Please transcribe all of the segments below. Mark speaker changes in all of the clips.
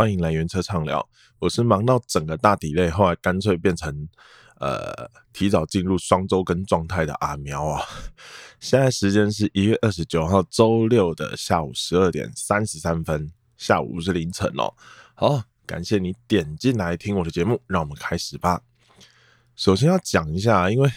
Speaker 1: 歡迎來緣側唱聊，我是忙到整個大 delay，後來乾脆變成呃提早進入雙週更狀態的阿喵啊、哦。現在時間是一月二十九號週六的下午十二點三十三分，下午是凌晨哦。好，感謝你點進來聽我的節目，讓我們開始吧。首先要講一下，因為，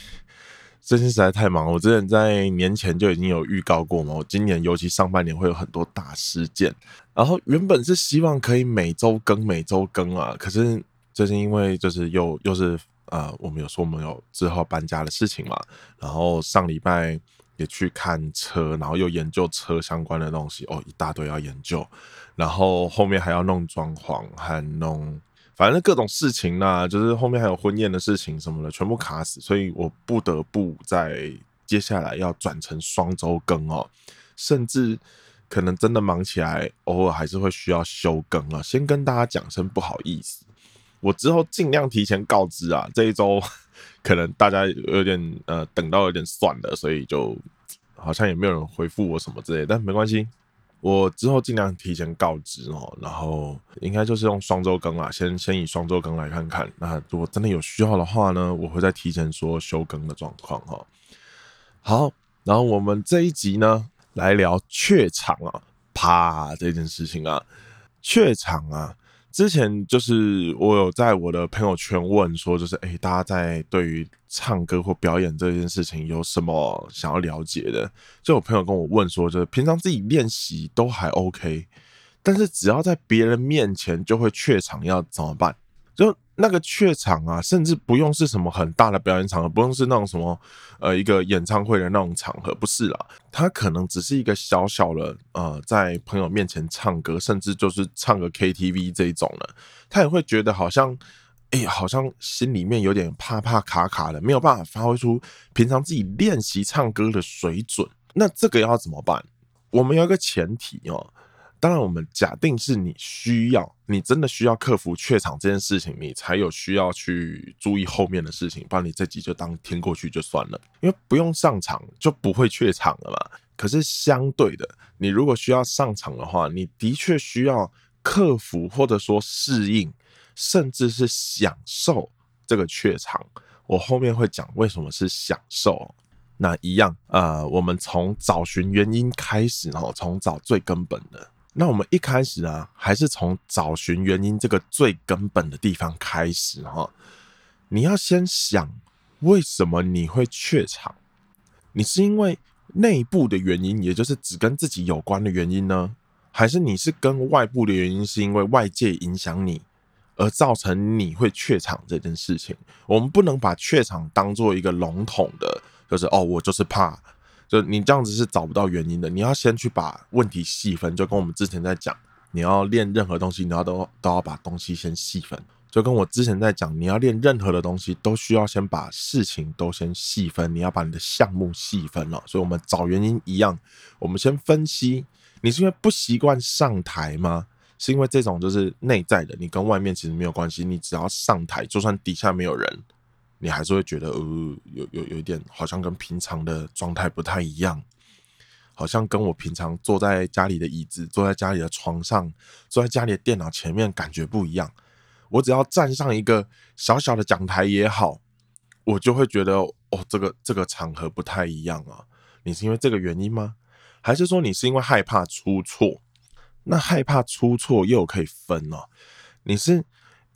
Speaker 1: 最近實在太忙，我之前在年前就已經有預告過嘛，我今年尤其上半年會有很多大事件，然後原本是希望可以每周更，每周更啊，可是最近因為就是又又是呃，我們有說我們有之後搬家的事情嘛，然後上禮拜也去看車，然後又研究車相關的東西，哦一大堆要研究，然後後面還要弄裝潢和弄。反正各種事情呢、啊，就是後面還有婚宴的事情什麼的，全部卡死，所以我不得不在接下來要轉成雙周更哦，甚至可能真的忙起來，偶爾還是會需要休更啊。先跟大家講聲不好意思，我之後盡量提前告知啊。這一周可能大家有點呃等到有點算了，所以就好像也沒有人回復我什麼之類的，但沒關係。我之後盡量提前告知哦，然後應該就是用雙週更了、啊，先先以雙週更來看看。那如果真的有需要的話呢，我會再提前說休更的狀況哈。好，然後我們這一集呢，來聊怯場啊，啪，這件事情啊，怯場啊。之前就是我有在我的朋友圈問說，就是誒、欸，大家在對於唱歌或表演這件事情有什麼想要了解的？就有朋友跟我問說，就是平常自己練習都還 OK，但是只要在別人面前就會怯場，要怎麼辦？就。那個怯場啊，甚至不用是什麼很大的表演場合，不用是那種什麼，呃，一個演唱會的那種場合，不是啦，他可能只是一個小小的，呃，在朋友面前唱歌，甚至就是唱個 KTV 這一種了。他也會覺得好像，哎、欸，好像心裡面有點怕怕卡卡的，沒有辦法發揮出平常自己練習唱歌的水準。那這個要怎麼辦？我們有一個前提哦、喔。當然，我們假定是你需要，你真的需要克服怯場這件事情，你才有需要去注意後面的事情。不然你這集就當聽過去就算了，因為不用上場就不會怯場了嘛。可是相對的，你如果需要上場的話，你的確需要克服，或者說適應，甚至是享受這個怯場。我後面會講為什麼是享受。那一樣，呃，我們從找尋原因開始哦，從找最根本的。那我們一開始啊，還是從找尋原因這個最根本的地方開始哈。你要先想，為什麼你會怯場？你是因為內部的原因，也就是只跟自己有關的原因呢？還是你是跟外部的原因，是因為外界影響你而造成你會怯場這件事情？我們不能把怯場當作一個籠統的，就是哦，我就是怕。就你這樣子是找不到原因的，你要先去把問題細分，就跟我們之前在講，你要練任何東西，你要都都要把東西先細分。就跟我之前在講，你要練任何的東西，都需要先把事情都先細分，你要把你的項目細分了啊。所以我們找原因一樣，我們先分析，你是因為不習慣上台嗎？是因為這種就是內在的，你跟外面其實沒有關係，你只要上台，就算底下沒有人。你還是會覺得呃有有有一點好像跟平常的狀態不太一樣，好像跟我平常坐在家裡的椅子，坐在家裡的床上，坐在家裡的電腦前面感覺不一樣。我只要站上一個小小的講臺也好，我就會覺得哦，這個這個場合不太一樣啊。你是因為這個原因嗎？還是說你是因為害怕出錯？那害怕出錯又可以分了啊，你是？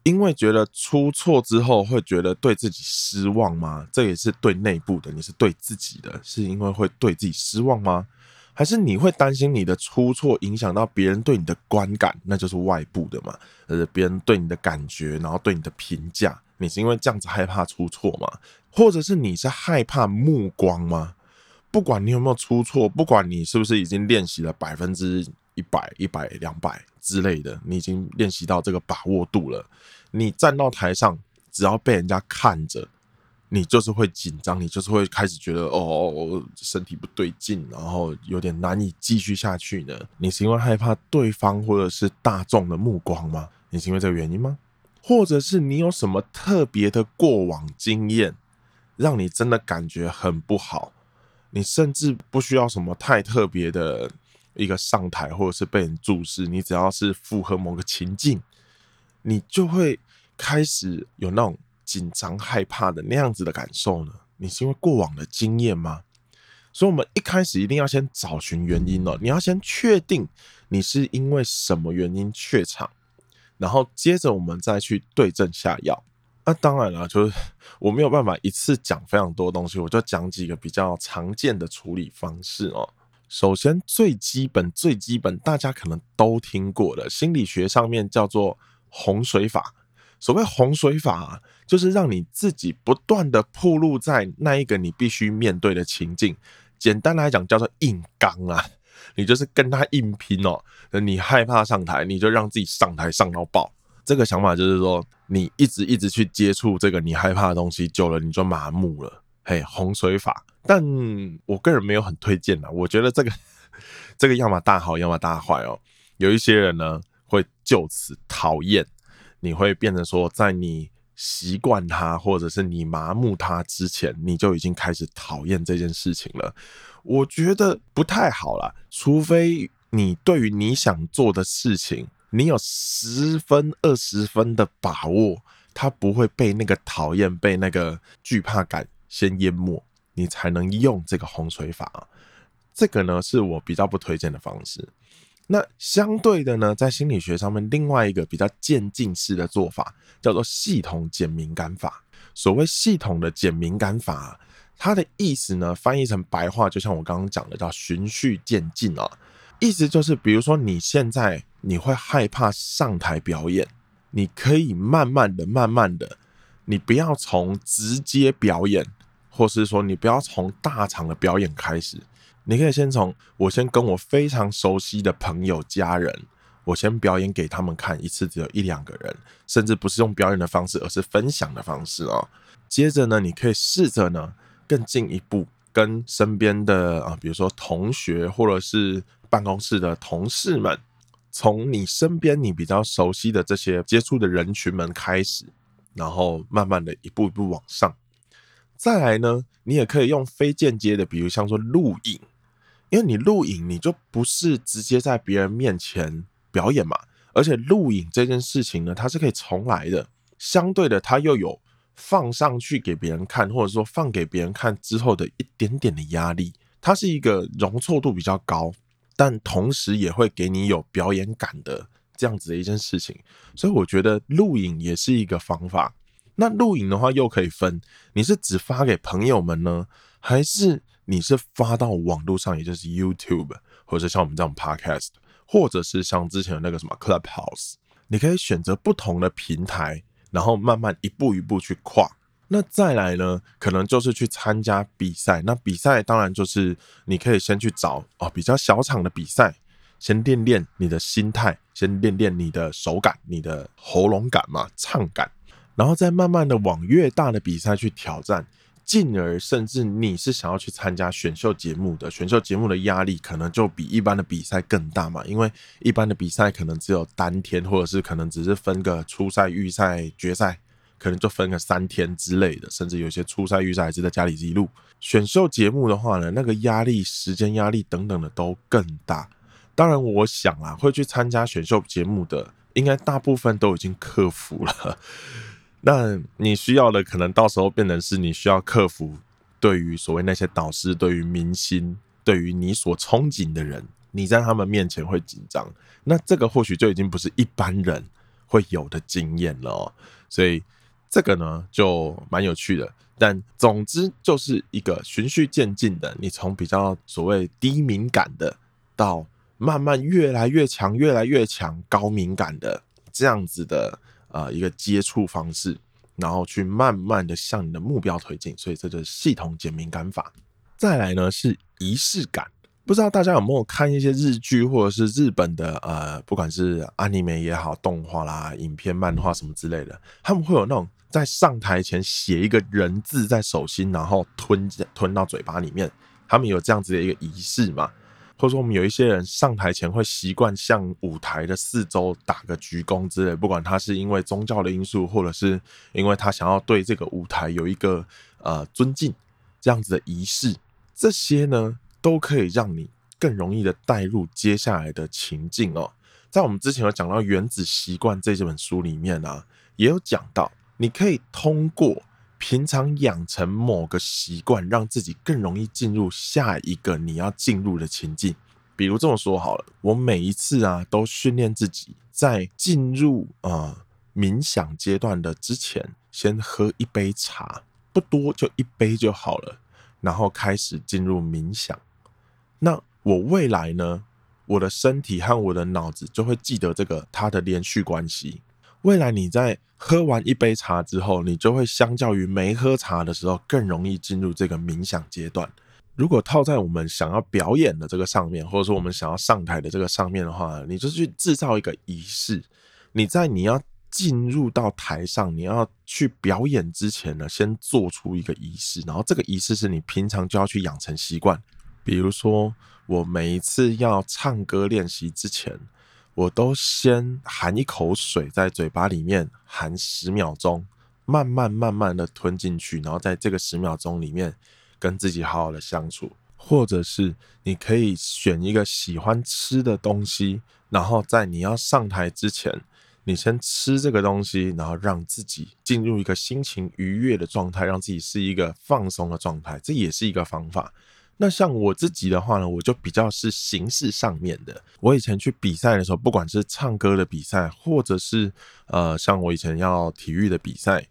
Speaker 1: 因為覺得出錯之後會覺得對自己失望嗎？這也是對內部的，你是對自己的，是因為會對自己失望嗎？還是你會擔心你的出錯影響到別人對你的觀感？那就是外部的嘛，呃，別人對你的感覺，然後對你的評價，你是因為這樣子害怕出錯嗎？或者是你是害怕目光嗎？不管你有沒有出錯，不管你是不是已經練習了百分之一百、一百、兩百之類的，你已經練習到這個把握度了。你站到台上，只要被人家看着，你就是會緊張，你就是會開始覺得哦，哦，身體不對勁，然後有點難以繼續下去呢。你是因為害怕對方或者是大眾的目光嗎？你是因為這個原因嗎？或者是你有什麼特別的過往經驗，讓你真的感覺很不好？你甚至不需要什麼太特別的。一個上台或者是被人注視，你只要是符合某個情境，你就會開始有那種緊張害怕的那樣子的感受呢？你是因為過往的經驗嗎？所以，我們一開始一定要先找尋原因哦。你要先確定你是因為什麼原因怯場，然後接着我們再去對症下藥。那當然了，就是我沒有辦法一次講非常多東西，我就講幾個比較常見的處理方式哦。首先，最基本、最基本，大家可能都聽過的心理學上面叫做“洪水法”。所謂“洪水法、啊”，就是讓你自己不斷的暴露在那一個你必須面對的情境。簡單來講，叫做硬剛啊，你就是跟他硬拼哦。你害怕上台，你就讓自己上台上到爆。這個想法就是說，你一直一直去接觸這個你害怕的東西，久了你就麻木了。哎，洪水法，但我個人沒有很推薦啦。我覺得這個，這個要麼大好，要麼大壞。哦，有一些人呢，會就此討厭，你會變成說，在你習慣他或者是你麻木他之前，你就已經開始討厭這件事情了。我覺得不太好啦，除非你對於你想做的事情，你有十分、二十分的把握，他不會被那個討厭，被那個懼怕感，先淹沒你，才能用這個洪水法啊。這個呢，是我比較不推薦的方式。那相對的呢，在心理學上面，另外一個比較漸進式的做法叫做系統減敏感法。所謂系統的減敏感法啊，它的意思呢，翻譯成白話，就像我剛剛講的，叫循序漸進啊。意思就是，比如說你現在你會害怕上台表演，你可以慢慢的、慢慢的，你不要從直接表演。或是說，你不要從大場的表演開始，你可以先從我先跟我非常熟悉的朋友、家人，我先表演給他們看，一次只有一兩個人，甚至不是用表演的方式，而是分享的方式哦、喔。接着呢，你可以試着呢更進一步，跟身邊的啊，比如說同學或者是辦公室的同事們，從你身邊你比較熟悉的這些接觸的人群們開始，然後慢慢的一步一步往上。再來呢，你也可以用非間接的，比如像說錄影，因為你錄影，你就不是直接在別人面前表演嘛。而且錄影這件事情呢，它是可以重來的，相對的，它又有放上去給別人看，或者說放給別人看之後的一點點的壓力，它是一個容錯度比較高，但同時也會給你有表演感的這樣子的一件事情。所以我覺得錄影也是一個方法。那錄影的話又可以分，你是只發給朋友們呢，還是你是發到網絡上，也就是 YouTube 或者像我們這種 Podcast，或者是像之前的那個什麼 Clubhouse，你可以選擇不同的平台，然後慢慢一步一步去跨。那再來呢，可能就是去參加比賽。那比賽當然就是你可以先去找哦比較小場的比賽，先練練你的心態，先練練你的手感、你的喉嚨感嘛，唱感。然後再慢慢的往越大的比賽去挑戰，進而甚至你是想要去參加選秀節目的，選秀節目的壓力可能就比一般的比賽更大嘛。因為一般的比賽可能只有單天，或者是可能只是分個初賽、預賽、決賽，可能就分個三天之類的，甚至有些初賽、預賽還是在家裡自己錄。選秀節目的話呢，那個壓力、時間壓力等等的都更大。當然，我想啊，會去參加選秀節目的，應該大部分都已經克服了。那你需要的可能到時候變成是你需要克服對於所謂那些導師、對於明星、對於你所憧憬的人，你在他們面前會緊張。那這個或許就已經不是一般人會有的經驗了哦、喔。所以這個呢就蠻有趣的，但總之就是一個循序漸進的，你從比較所謂低敏感的，到慢慢越來越強、越來越強高敏感的這樣子的。啊，一個接觸方式，然後去慢慢的向你的目標推進，所以這就是系統減敏感法。再來呢，是儀式感，不知道大家有沒有看一些日劇或者是日本的呃，不管是 anime 也好，動畫啦、影片、漫畫什麼之類的，他們會有那種在上台前寫一個人字在手心，然後吞吞到嘴巴裡面，他們有這樣子的一個儀式嗎？或者說，我們有一些人上台前會習慣向舞台的四周打個鞠躬之類，不管他是因為宗教的因素，或者是因為他想要對這個舞台有一個呃尊敬、這樣子的儀式，這些呢都可以讓你更容易的帶入接下來的情境哦。在我們之前有講到《原子習慣》這本書裡面啊，也有講到，你可以通過。平常養成某個習慣，讓自己更容易進入下一個你要進入的情境。比如這麼說好了，我每一次啊都訓練自己，在進入啊、呃、冥想階段的之前，先喝一杯茶，不多就一杯就好了，然後開始進入冥想。那我未來呢，我的身體和我的腦子就會記得這個它的連續關係。未來你在喝完一杯茶之後，你就會相較於沒喝茶的時候更容易進入這個冥想階段。如果套在我們想要表演的這個上面，或者說我們想要上台的這個上面的話，你就去制造一個儀式。你在你要進入到台上，你要去表演之前呢，先做出一個儀式。然後這個儀式是你平常就要去養成習慣。比如說，我每一次要唱歌練習之前。我都先含一口水在嘴巴裡面，含十秒鐘，慢慢慢慢的吞進去，然後在這個十秒鐘裡面跟自己好好的相處，或者是你可以選一個喜歡吃的東西，然後在你要上台之前，你先吃這個東西，然後讓自己進入一個心情愉悅的狀態，讓自己是一個放鬆的狀態，這也是一個方法。那像我自己的話呢，我就比較是形式上面的。我以前去比賽的時候，不管是唱歌的比賽，或者是呃，像我以前要體育的比賽，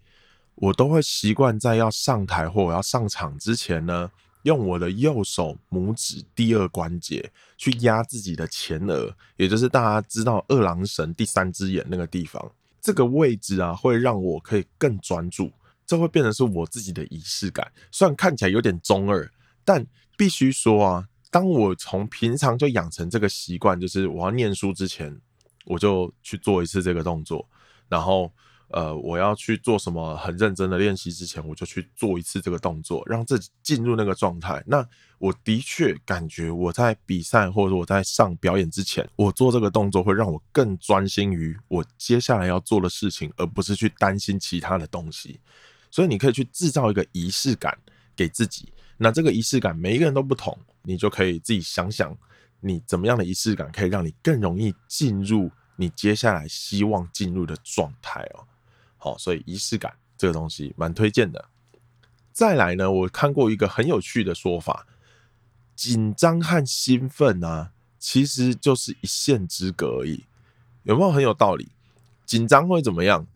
Speaker 1: 我都會習慣在要上台或我要上場之前呢，用我的右手拇指第二關節去壓自己的前額，也就是大家知道二郎神第三隻眼那個地方，這個位置啊，會讓我可以更專注。這會變成是我自己的儀式感，雖然看起來有點中二，但。必須說啊，當我從平常就養成這個習慣，就是我要念書之前，我就去做一次這個動作，然後呃，我要去做什麼很認真的練習之前，我就去做一次這個動作，讓自己進入那個狀態。那我的確感覺我在比賽或者我在上表演之前，我做這個動作會讓我更專心於我接下來要做的事情，而不是去擔心其他的東西。所以你可以去製造一個儀式感給自己。那這個儀式感，每一個人都不同，你就可以自己想想，你怎麼樣的儀式感可以讓你更容易進入你接下來希望進入的狀態哦。好，所以儀式感這個東西蠻推薦的。再來呢，我看過一個很有趣的說法，緊張和興奮啊，其實就是一線之隔而已，有沒有很有道理？緊張會怎麼樣？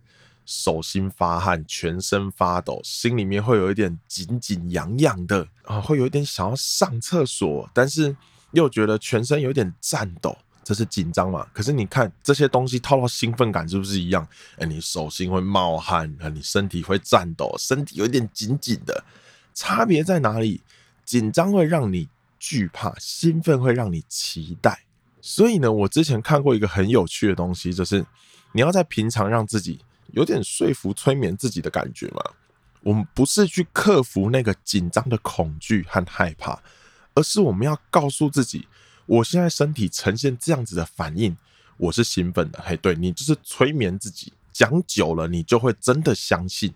Speaker 1: 手心發汗，全身發抖，心裡面會有一點緊緊癢癢的啊，會有一點想要上廁所，但是又覺得全身有點顫抖，這是緊張嘛？可是你看這些東西套到興奮感是不是一樣？哎、欸，你手心會冒汗，欸，你身體會顫抖，身體有一點緊緊的，差別在哪裡？緊張會讓你懼怕，興奮會讓你期待。所以呢，我之前看過一個很有趣的東西，就是你要在平常讓自己。有點說服催眠自己的感覺嘛？我們不是去克服那個緊張的恐懼和害怕，而是我們要告訴自己：我現在身體呈現這樣子的反應，我是興奮的。嘿，對你就是催眠自己，講久了你就會真的相信，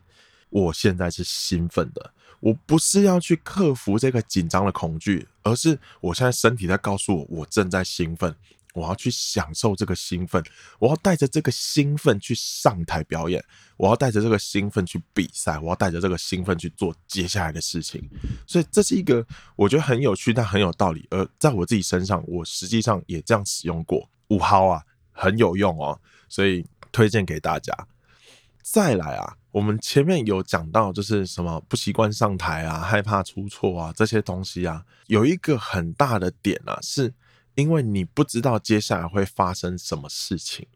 Speaker 1: 我現在是興奮的。我不是要去克服這個緊張的恐懼，而是我現在身體在告訴我，我正在興奮。我要去享受這個興奮，我要帶着這個興奮去上台表演，我要帶着這個興奮去比賽，我要帶着這個興奮去做接下來的事情。所以這是一個我覺得很有趣但很有道理，而在我自己身上，我實際上也這樣使用過五號啊，很有用哦，所以推薦給大家。再來啊，我們前面有講到，就是什麼不習慣上台啊，害怕出錯啊，這些東西啊，有一個很大的點啊，是。因為你不知道接下來會發生什麼事情，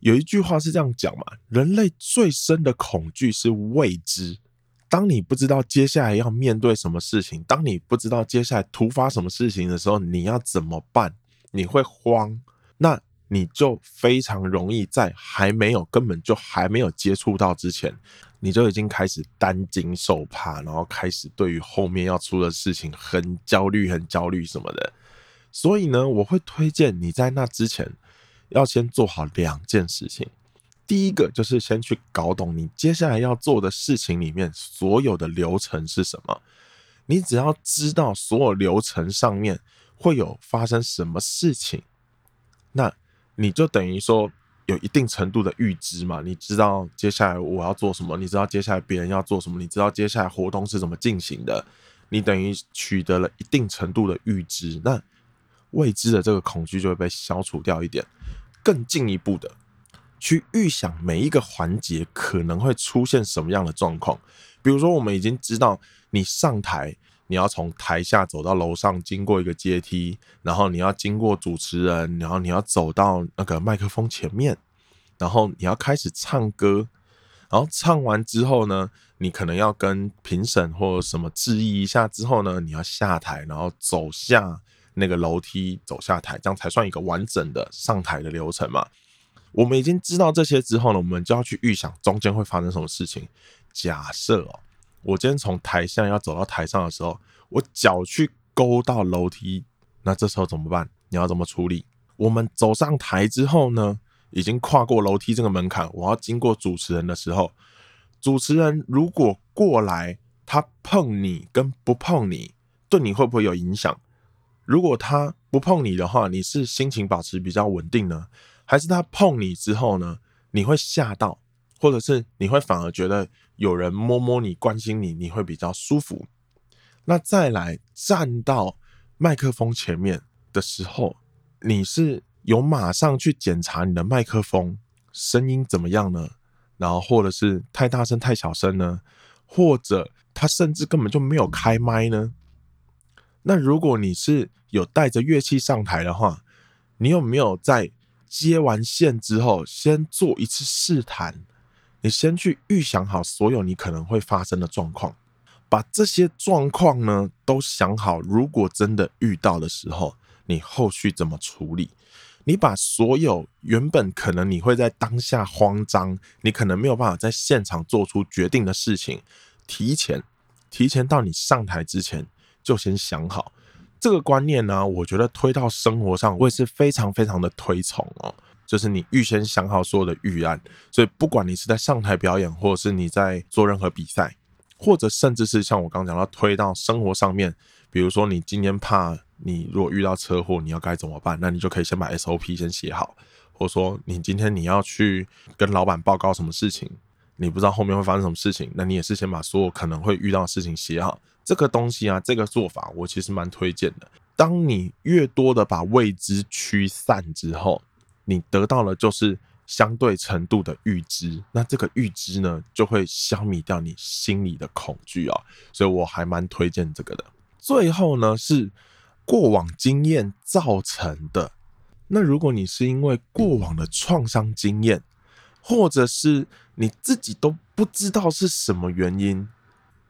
Speaker 1: 有一句話是這樣講嘛：人類最深的恐懼是未知。當你不知道接下來要面對什麼事情，當你不知道接下來突發什麼事情的時候，你要怎麼辦？你會慌，那你就非常容易在還沒有、根本就還沒有接觸到之前，你就已經開始擔驚受怕，然後開始對於後面要出的事情很焦慮、很焦慮什麼的。所以呢，我會推薦你在那之前要先做好兩件事情。第一個就是先去搞懂你接下來要做的事情裡面所有的流程是什麼。你只要知道所有流程上面會有發生什麼事情，那你就等於說有一定程度的預知嘛。你知道接下來我要做什麼，你知道接下來別人要做什麼，你知道接下來活動是怎麼進行的，你等於取得了一定程度的預知。那未知的這個恐懼就會被消除掉一點，更進一步的去預想每一個環節可能會出現什麼樣的狀況。比如說，我們已經知道你上台，你要從台下走到樓上，經過一個階梯，然後你要經過主持人，然後你要走到那個麥克風前面，然後你要開始唱歌，然後唱完之後呢，你可能要跟評審或什麼致意一下，之後呢，你要下台，然後走下。那個樓梯走下台，這樣才算一個完整的上台的流程嘛。我們已經知道這些之後呢，我們就要去預想中間會發生什麼事情。假設哦，我今天從台下要走到台上的時候，我腳去勾到樓梯，那這時候怎麼辦？你要怎麼處理？我們走上台之後呢，已經跨過樓梯這個門檻，我要經過主持人的時候，主持人如果過來，他碰你跟不碰你，對你會不會有影響？如果他不碰你的話，你是心情保持比較穩定呢，還是他碰你之後呢，你會嚇到，或者是你會反而覺得有人摸摸你、關心你，你會比較舒服？那再來站到麥克風前面的時候，你是有馬上去檢查你的麥克風聲音怎麼樣呢？然後或者是太大聲、太小聲呢，或者他甚至根本就沒有開麥呢？那如果你是。有帶着樂器上台的話，你有沒有在接完線之後先做一次試彈，你先去預想好所有你可能會發生的狀況，把這些狀況呢都想好。如果真的遇到的時候，你後續怎麼處理？你把所有原本可能你會在當下慌張，你可能沒有辦法在現場做出決定的事情，提前提前到你上台之前就先想好。這個觀念呢、啊，我覺得推到生活上，我也是非常非常的推崇哦。就是你預先想好所有的預案，所以不管你是在上台表演，或者是你在做任何比賽，或者甚至是像我剛講到推到生活上面，比如說你今天怕你如果遇到車禍，你要該、該怎麼辦？那你就可以先把 SOP 先寫好，或者說你今天你要去跟老闆報告什麼事情，你不知道後面會發生什麼事情，那你也是先把所有可能會遇到的事情寫好。這個東西啊，這個做法我其實蠻推薦的。當你越多的把未知驅散之後，你得到了就是相對程度的預知，那這個預知呢，就會消弭掉你心裡的恐懼啊、哦，所以我還蠻推薦這個的。最後呢，是過往經驗造成的。那如果你是因為過往的創傷經驗，或者是你自己都不知道是什麼原因。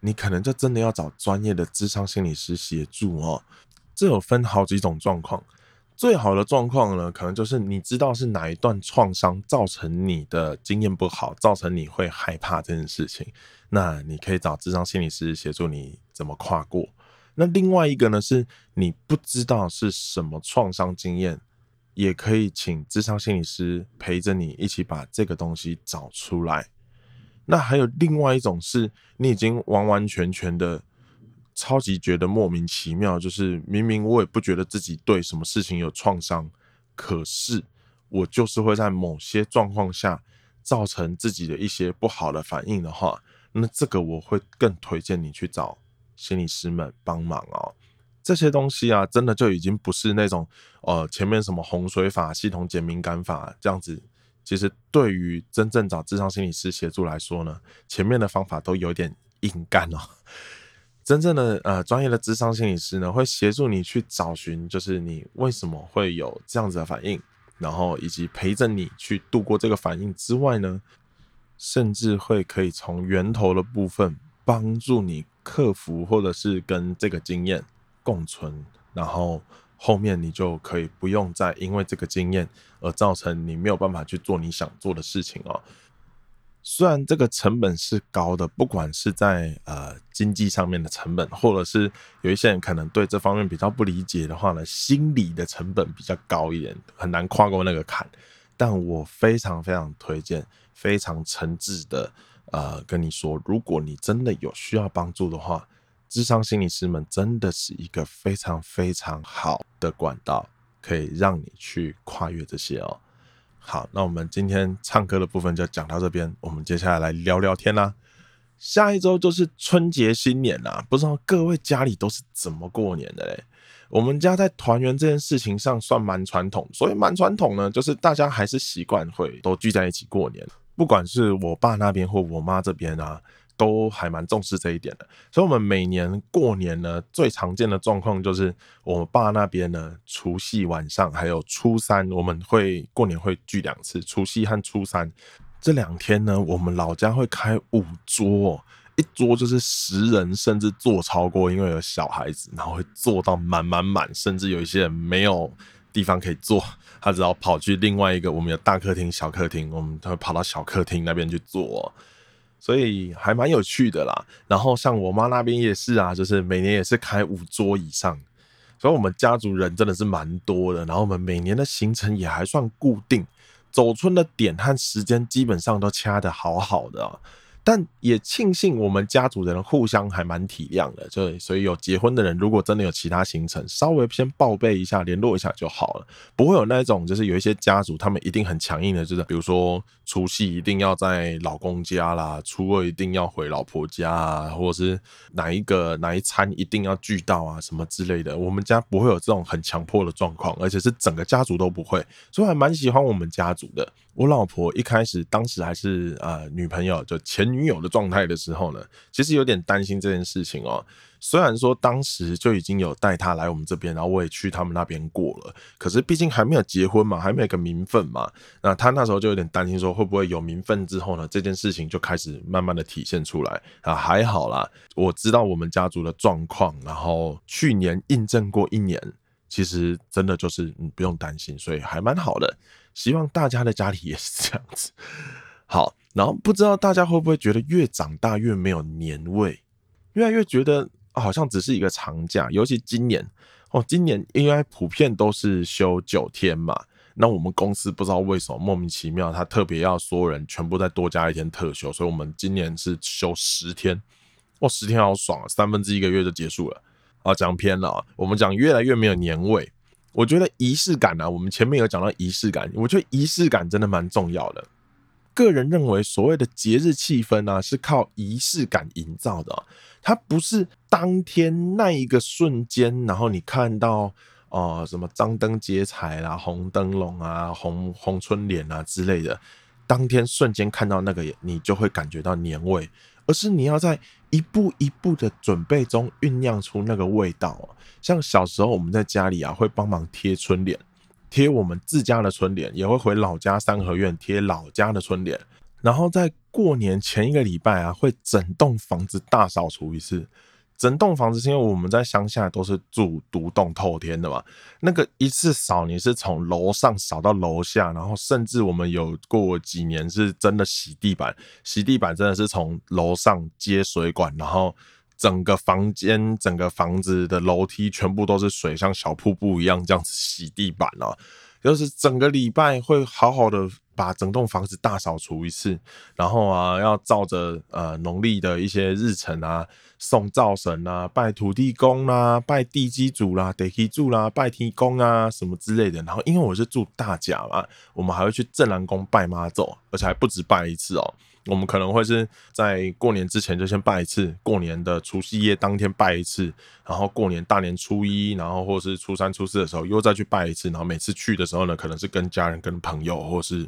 Speaker 1: 你可能就真的要找專業的諮商心理師協助哦。這有分好幾種狀況，最好的狀況呢，可能就是你知道是哪一段創傷造成你的經驗不好，造成你會害怕這件事情，那你可以找諮商心理師協助你怎麼跨過。那另外一個呢，是你不知道是什麼創傷經驗，也可以請諮商心理師陪着你一起把這個東西找出來。那還有另外一種是，你已經完完全全的超級覺得莫名其妙，就是明明我也不覺得自己對什麼事情有創傷，可是我就是會在某些狀況下造成自己的一些不好的反應的話，那這個我會更推薦你去找心理師們幫忙哦。這些東西啊，真的就已經不是那種呃前面什麼洪水法、系統減敏感法這樣子。其實，對於真正找諮商心理師協助來說呢，前面的方法都有點硬幹哦。真正的呃專業的諮商心理師呢，會協助你去找尋，就是你為什麼會有這樣子的反應，然後以及陪着你去度過這個反應之外呢，甚至會可以從源頭的部分幫助你克服，或者是跟這個經驗共存，然後。後面你就可以不用再因為這個經驗而造成你沒有辦法去做你想做的事情哦。雖然這個成本是高的，不管是在呃經濟上面的成本，或者是有一些人可能對這方面比較不理解的話呢，心理的成本比較高一點，很難跨過那個坎。但我非常非常推薦，非常誠摯的呃跟你說，如果你真的有需要幫助的話。諮商心理師們真的是一個非常非常好的管道，可以讓你去跨越這些哦、喔。好，那我們今天唱歌的部分就講到這邊，我們接下來來聊聊天啦。下一周就是春節新年啦，不知道各位家裡都是怎麼過年的嘞？我們家在團圓這件事情上算蠻傳統，所以蠻傳統呢，就是大家還是習慣會都聚在一起過年，不管是我爸那邊或我媽這邊啊。都還蠻重視這一點的，所以，我們每年過年呢，最常見的狀況就是，我們爸那邊呢，除夕晚上還有初三，我們會過年會聚兩次，除夕和初三這兩天呢，我們老家會開五桌，一桌就是十人，甚至坐超過，因為有小孩子，然後會坐到滿滿滿，甚至有一些人沒有地方可以坐，他只好跑去另外一個，我們有大客廳、小客廳，我們都會跑到小客廳那邊去坐。所以還蠻有趣的啦。然後像我媽那邊也是啊，就是每年也是開五桌以上。所以我們家族人真的是蠻多的。然後我們每年的行程也還算固定，走春的點和時間基本上都掐得好好的啊。但也慶幸我們家族人互相還蠻體諒的，就所以有結婚的人如果真的有其他行程，稍微先報備一下，聯絡一下就好了，不會有那種就是有一些家族他們一定很強硬的，就是比如說。除夕一定要在老公家啦，初二一定要回老婆家啊，或者是哪一個哪一餐一定要聚到啊，什麼之類的。我們家不會有這種很強迫的狀況，而且是整個家族都不會，所以還蠻喜歡我們家族的。我老婆一開始當時還是呃女朋友，就前女友的狀態的時候呢，其實有點擔心這件事情哦。雖然說當時就已經有帶他來我們這邊，然後我也去他們那邊過了，可是畢竟還沒有結婚嘛，還沒有個名分嘛。那他那時候就有點擔心，說會不會有名分之後呢，這件事情就開始慢慢的體現出來。啊，還好啦，我知道我們家族的狀況，然後去年印證過一年，其實真的就是你不用擔心，所以還蠻好的。希望大家的家裡也是這樣子。好，然後不知道大家會不會覺得越長大越沒有年味，越來越覺得，好像只是一個長假，尤其今年哦，今年應該普遍都是休九天嘛，那我們公司不知道為什麼莫名其妙，他特別要所有人全部再多加一天特休，所以我們今年是休十天，哦，十天好爽啊，三分之一個月就結束了啊，講偏了，哦，我們講越來越沒有年味，我覺得儀式感啊，我們前面有講到儀式感，我覺得儀式感真的蠻重要的。個人認為，所謂的節日氣氛呢、啊，是靠儀式感營造的、啊。它不是當天那一個瞬間，然後你看到呃什麼張燈結彩啦、紅燈籠啊、紅紅春聯啊之類的，當天瞬間看到那個你就會感覺到年味，而是你要在一步一步的準備中醞釀出那個味道、啊。像小時候我們在家裡啊，會幫忙貼春聯。貼我們自家的春聯，也會回老家三合院貼老家的春聯，然後在過年前一個禮拜啊，會整棟房子大掃除一次。整棟房子是因為我們在鄉下都是住獨棟透天的嘛，那個一次掃你是從樓上掃到樓下，然後甚至我們有過幾年是真的洗地板，洗地板真的是從樓上接水管，然後。整個房間、整個房子的樓梯全部都是水，像小瀑布一樣這樣子洗地板啊！就是整個禮拜會好好的把整棟房子大掃除一次，然後啊，要照着呃農曆的一些日程啊，送灶神啊，拜土地公啦、啊、拜地基主啦、啊、地基主啦、啊啊、拜天公啊什麼之類的。然後因為我是住大甲嘛，我們還會去鎮瀾宮拜媽祖，而且還不止拜一次哦。我們可能會是在過年之前就先拜一次，過年的除夕夜當天拜一次，然後過年大年初一，然後或是初三、初四的時候又再去拜一次，然後每次去的時候呢，可能是跟家人、跟朋友，或是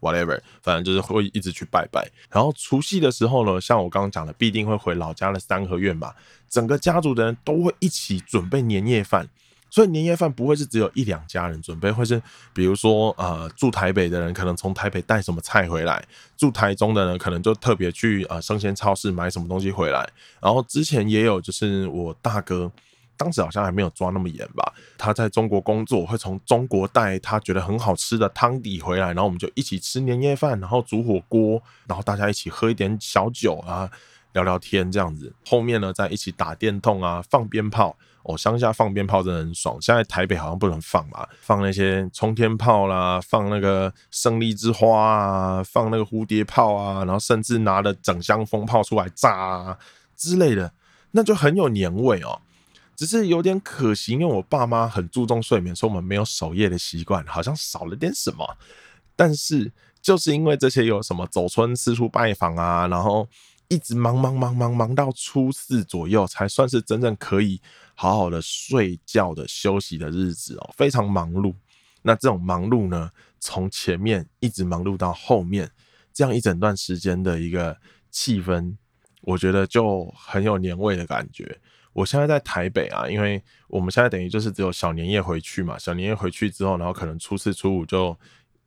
Speaker 1: whatever，反正就是會一直去拜拜。然後除夕的時候呢，像我剛剛講的，必定會回老家的三合院吧，整個家族的人都會一起準備年夜飯。所以年夜飯不會是只有一兩家人準備，或是比如說，呃，住台北的人可能從台北帶什麼菜回來，住台中的人可能就特別去，呃，生鮮超市買什麼東西回來。然後之前也有，就是我大哥當時好像還沒有抓那麼嚴吧，他在中國工作會從中國帶他覺得很好吃的湯底回來，然後我們就一起吃年夜飯，然後煮火鍋，然後大家一起喝一點小酒啊。聊聊天這樣子，後面呢，在一起打電動啊，放鞭炮哦，鄉下放鞭炮真的很爽。現在台北好像不能放吧，放那些衝天炮啦，放那個勝利之花啊，放那個蝴蝶炮啊，然後甚至拿了整箱蜂炮出來炸啊之類的，那就很有年味哦、喔。只是有點可惜，因為我爸媽很注重睡眠，所以我們沒有守夜的習慣，好像少了點什麼。但是就是因為這些，有什麼走春四處拜訪啊，然後。一直忙忙忙忙忙到初四左右，才算是真正可以好好的睡覺的休息的日子哦，非常忙碌。那這種忙碌呢，從前面一直忙碌到後面，這樣一整段時間的一個氣氛，我覺得就很有年味的感覺。我現在在台北啊，因為我們現在等於就是只有小年夜回去嘛，小年夜回去之後，然後可能初四初五就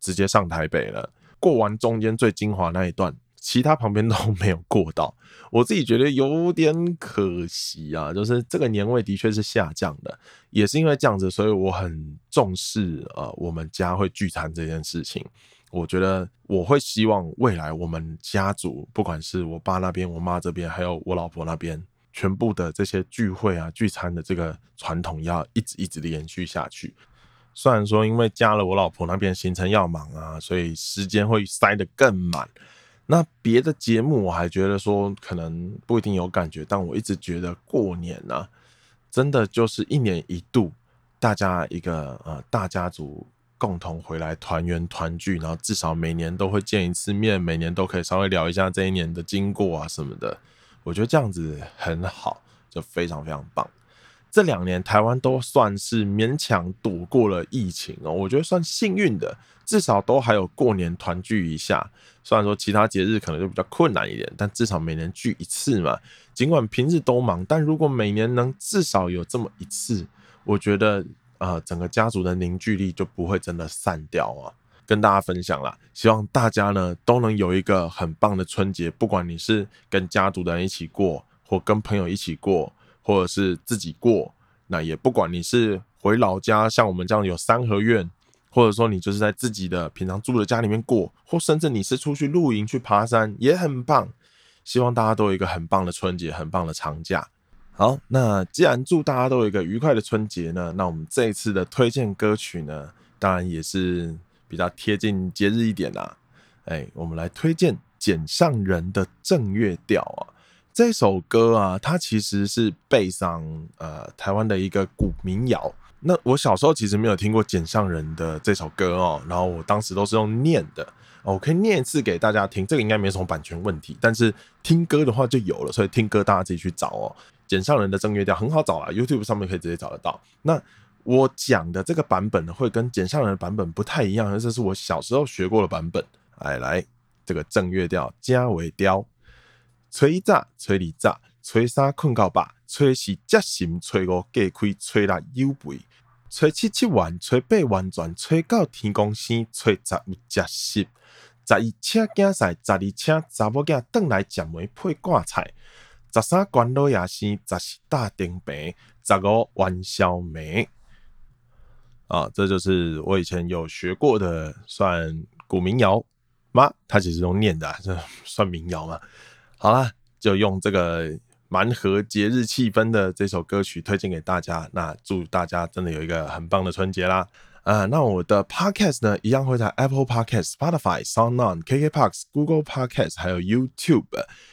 Speaker 1: 直接上台北了，過完中間最精華那一段。其他旁邊都沒有過到，我自己覺得有點可惜啊。就是這個年味的確是下降的，也是因為這樣子，所以我很重視呃我們家會聚餐這件事情。我覺得我會希望未來我們家族，不管是我爸那邊、我媽這邊，還有我老婆那邊，全部的這些聚會啊、聚餐的這個傳統，要一直一直的延續下去。雖然說因為加了我老婆那邊行程要忙啊，所以時間會塞得更滿。那別的節目我還覺得說可能不一定有感覺，但我一直覺得過年啊，真的就是一年一度，大家一個呃大家族共同回來團圓團聚，然後至少每年都會見一次面，每年都可以稍微聊一下這一年的經過啊什麼的，我覺得這樣子很好，就非常非常棒。這兩年臺灣都算是勉強躲過了疫情哦，我覺得算幸運的，至少都還有過年團聚一下。雖然說其他節日可能就比較困難一點，但至少每年聚一次嘛。儘管平日都忙，但如果每年能至少有這麼一次，我覺得啊、呃，整個家族的凝聚力就不會真的散掉啊。跟大家分享啦，希望大家呢都能有一個很棒的春節，不管你是跟家族的人一起過，或跟朋友一起過，或者是自己過，那也不管你是回老家，像我們這樣有三合院，或者說你就是在自己的平常住的家裡面過，或甚至你是出去露營去爬山也很棒。希望大家都有一個很棒的春節，很棒的長假。好，那既然祝大家都有一個愉快的春節呢，那我們這一次的推薦歌曲呢，當然也是比較貼近節日一點啦、啊。哎、欸，我們來推薦簡上仁的《正月調》啊。這首歌啊，它其實是背上呃台灣的一個古民謠。那我小時候其實沒有聽過簡上仁的這首歌哦，然後我當時都是用念的。哦、我可以念一次給大家聽，這個應該沒什麼版權問題。但是聽歌的話就有了，所以聽歌大家自己去找哦。簡上仁的正月調很好找啊，YouTube 上面可以直接找得到。那我講的這個版本會跟簡上仁的版本不太一樣，這是我小時候學過的版本。哎，來這個正月調，加為調吹一早，吹二早，吹三困到飽，吹四吃心，吹五隔開，吹六腰肥，吹七七完，吹八完全，吹到天公生，吹十吃心，十二車仔晒，十二車查某囝轉來食糜配芥菜，十三關老爺生，十四大頂門，十五元宵暝。啊，這就是我以前有學過的，算古民謠嗎？他其實這種念的，這算民謠嘛。好啦，就用這個蠻和節日氣氛的這首歌曲推薦給大家。那祝大家真的有一個很棒的春節啦！啊、呃，那我的 Podcast 呢，一樣會在 Apple Podcast、Spotify、SoundOn、KKBox、Google Podcasts，還有 YouTube，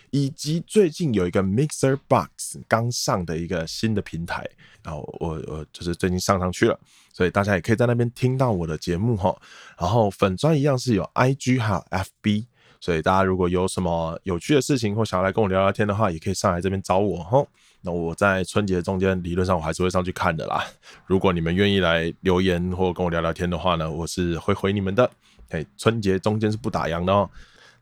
Speaker 1: 以及最近有一個 Mixer Box 剛上的一個新的平台。然後我我就是最近上上去了，所以大家也可以在那邊聽到我的節目吼。然後粉專一樣是有 IG 還有 FB。所以大家如果有什麼有趣的事情或想要來跟我聊聊天的話，也可以上來這邊找我吼。那我在春節中間理論上我還是會上去看的啦。如果你們願意來留言或跟我聊聊天的話呢，我是會回你們的。哎，春節中間是不打烊的哦、喔。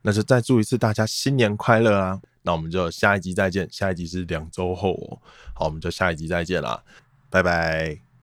Speaker 1: 那就再祝一次大家新年快樂啊！那我們就下一集再見，下一集是兩周後哦。好，好，我們就下一集再見啦，拜拜。